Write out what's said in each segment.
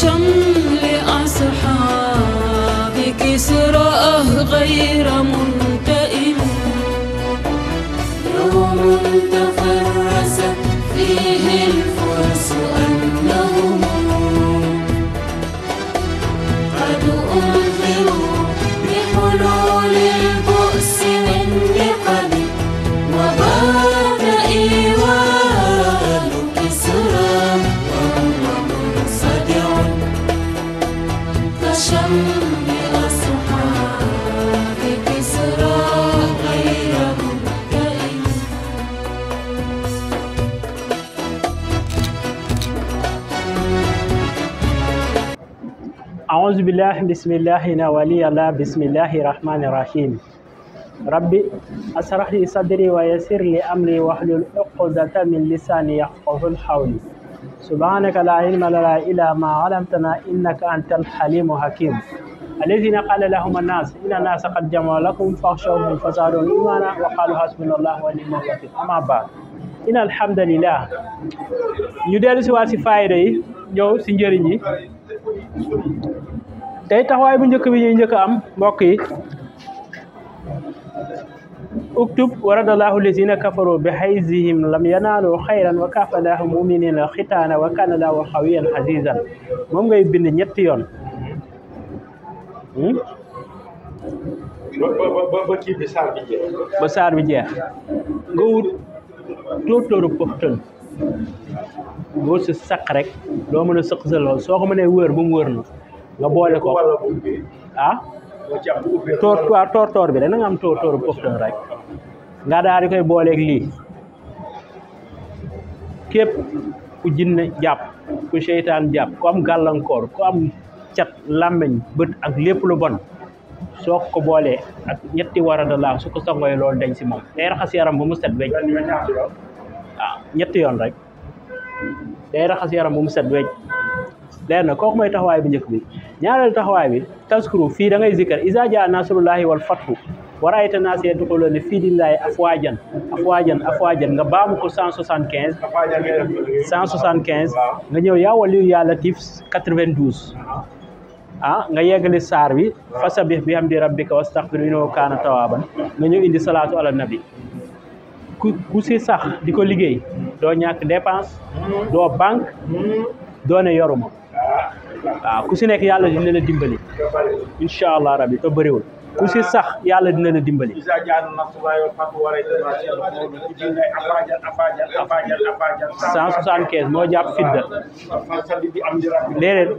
شم أصحاب كسرى غير منصف أعوذ بالله بسم الله ولي الله بسم الله الرحمن الرحيم ربي أسرح لي صدري ويسر لي أمري واحلل عقدة من لساني يفقه الحول سبحانك لا علم لنا إلا ما علمتنا إنك أنت الحليم الحكيم الذين قال لهم الناس إن الناس قد جمعوا لكم فاخشوهم فزادوا إيمانا وقالوا حسبنا الله ونعم الوكيل أما بعد إن الحمد لله يدرس واسفايري ñew ci njëriñ yi tay taxawaay bu njëkk bi ñuy njëkk am mbokk yi uktub waradallahu lazina kafaru bi hayzihim lam yanaalu xayran wa kafalaahu muminina xitaana wa kana laahu xawiyan azizan moom ngay bind ñetti yoon hmm? ba kii bi saar bi jeex ba saar bi jeex nga wut tóortóoru saq rek loo mën a sëq sa soo ko mënee wër bu mu wër na nga boole ko ah toor toor toor bi rek na nga am tóortóoru poftan rek nga daal di koy booleeg lii képp ku jinne jàpp ku seytaan jàpp ko am gàllankoor ku am cat làmmiñ bët ak lépp lu bon soo ko boolee ak ñetti warada laa su ko sangoy loolu dañ si moom day raxas yaram bu mu set wecc ñetti yoon rek day bu mu set wecc leer na kooku mooy taxawaay bu njëkk bi ñaareelu taxawaay bi taskuru fii da ngay zikkar iza jaa nasrullahi wal fathu waraayta naa see duxuloo ne fii dillaahi afwaajan afwaajan afwaajan nga baamu ko cent soixante quinze cent soixante quinze nga ñëw yaa waliyu yaa latif quatre ah nga yeggali saar bi fasabih bi hamdi rabbika wastaxfir innahu kaana tawaaban nga ñëw indi salaatu ala nabi ku si sax di ko liggéey doo ñàkk dépense doo banque doo yoruma waaw ah. ah, ku si nekk yàlla dina la dimbali incha allah rabbi te bëriwul ku si sax yàlla dina la dimbali cent soixante quinze moo jàpp fidda déedéet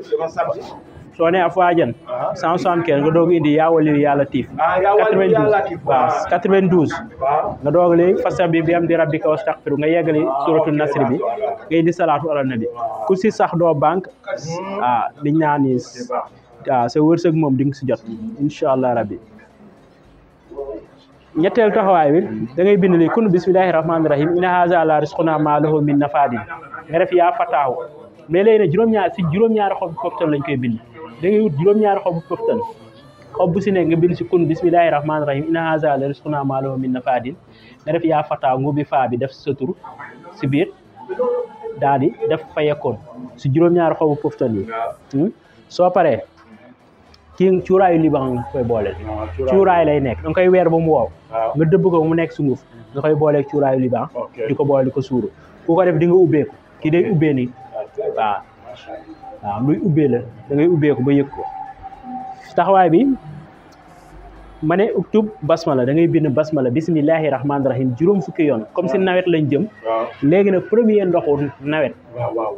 soo ne afaajan cent soixante quinze nga doog indi yaa yàlla tiif quatre vingt douze nga doog li fasa bi bi am di rabbika wastaxfiru nga yeggali suratu nasri bi nga indi salaatu ala nabi ku si sax doo banque ah liñ naa waaw sa wërsëg moom di nga si jot incha allah rabbi ñetteelu taxawaay bi da bind li kun bismillahi rahmaani rahim inna haza la risquna ma lahu min nafaadin nga mais léegi juróom-ñaar si juróom-ñaari xobu poftan lañ koy bind da ngay ñaari xobu poftan xob bu si nekk nga bind si kun bismillahi rahmaani rahim inna haza la risquna ma yaa fataahu ngu bi faa bi def sa si biir daal di def fayekoon si juróom-ñaari xobu poftan yi hmm? soo paree ci cuuraayu liban nga koy boole cuuraay lay nekk danga koy weer ba mu woow nga dëbb ko mu nekk sunguf mhm. nga koy boole cuuraayu liban di ko boole di ko suuru ku ko def di nga ubbeeku kii day ubbee nii waaw waaw luy ubbee la dangay ngay ubbeeku ba yëg ko taxawaay bi ma ne uktub basmala da ngay bind basmala bismillahi rahmaani rahim juróom fukki yoon comme si nawet lañ jëm léegi nag premier ndoxu nawet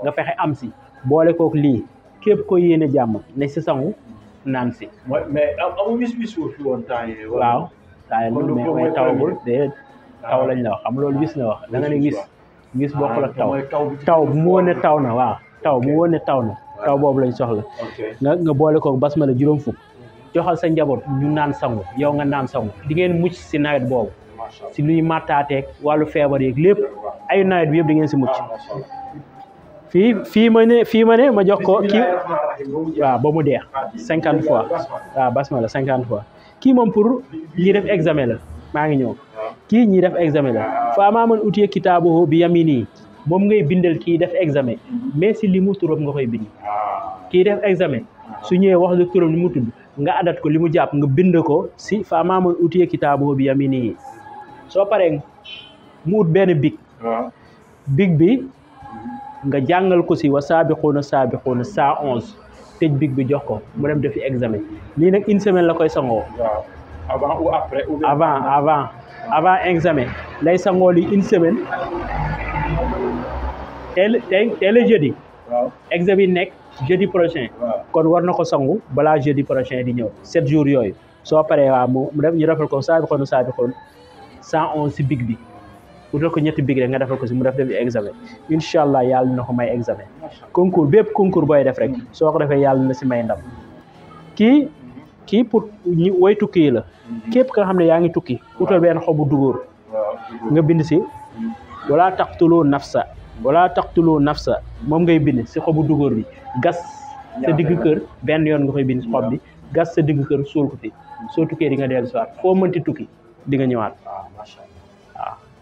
nga fexe am si boole kook lii képp ko yéene jàmm ne si naan si. mais amu wis wis wu fi woon temps yii. waaw temps yii lañ la wax xam loolu wis la wax da ne wis. wis ah, bokkul ak taw taw bu mu woon taw na waaw taw bu mu taw na taw boobu lañ soxla. nga nga boole koog bas ma la juróom fukk. Mhm. joxal sa njaboot ñu naan sangu yow nga naan sangu di ngeen mucc si nawet boobu. si luy màttaateeg wàllu feebar yeeg lépp ayu nawet bi yëpp di ngeen si mucc. Ah, fii fii ma ne fii ma ne ma jox ko kii waaw ba mu deex cinquante fois waaw basmala cinquante fois kii moom pour ñi def examen la maa ngi ñëw kii ñi def examen la fa amaa man utiye kitaabu bi yamini moom ngay bindal kii def examen mais si li mu turam nga koy bind kii def examen su ñëwee wax la turam li nga adat ko li mu jàpp nga bind ko si fa amaa man utiye kitaabu bi yamini soo paree mu ut benn big big bi nga jàngal ko si wa saabiquuna saabiquuna cent onze tëj big bi jox ko mu dem defi examen lii nag une semaine la koy sangoo. waaw avant avant avant examen lay sangoo lii une semaine teel tey teel a jeudi. examen nekk jeudi prochain. kon war na ko sangu balaa jeudi prochain di ñëw sept jours yooyu soo paree waaw mu ñu defal ko saabiquuna saabiquuna cent onze si big bi. pour ko ñetti big rek nga defal ko si mu def def examen incha allah yàlla na ko may examen concours bépp concours booy def rek soo ko defee yàlla na si may ndam kii kii pour ñi way tukki yi la képp ka xam ne yaa ngi tukki utal benn xobu dugóor nga bind si wala taqtulu nafsa wala taqtulu nafsa moom ngay bind si xobu dugóor bi gas sa digg kër benn yoon nga koy bind si xob bi gas sa digg kër suul ko fi soo tukkee di nga dellu si waat foo mënti tukki di nga ñëwaat ah,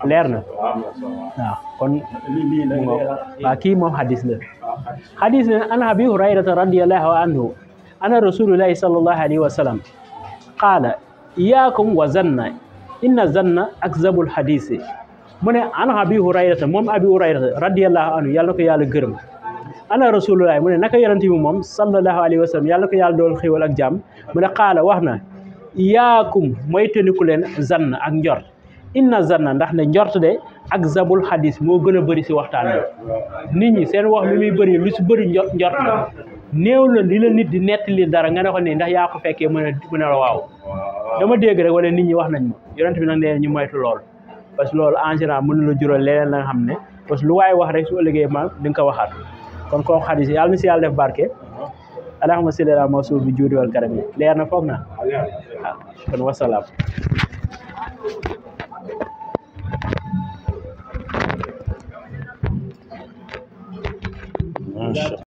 leer na ah. waaw kon waaw kii moom hadis la hadis la an abi hurayrata radiallahu anhu ana rasulullahi sallallahu alayhi wa sallam qaala iyaakum wa zanna inna zanna akzabul hadisi mu ne an abi hurayrata moom abi hurayrata radiallahu anhu yàlla na ko yàlla gërëm ana rasulullahi mu ne naka yonent bi moom sallallahu alayhi wa sallam yàlla na ko yàlla dool xéwal ak jàmm mu ne qaala wax na iyaakum moytandiku leen zann ak njort inna na ndax ne njort de ak zabul xadis moo gën a bëri si waxtaan nit ñi seen wax li muy bëri lu si bëri njort njort la néew la li la nit di nett lii dara nga ne ko nii ndax yaa ko fekkee mën a mën a waaw dama dégg rek wala nit ñi wax nañ ma yonent bi nag nee ñu moytu lool parce que loolu en général mën na la jural leneen xam ne parce que lu waaye wax rek su ëllëgee ma di nga ko waxaat kon kooku xadis yàlla na si yàlla def barke allahumma salli ala mawsul bi juudi wal karami leer na foog na waaw ah, kon much.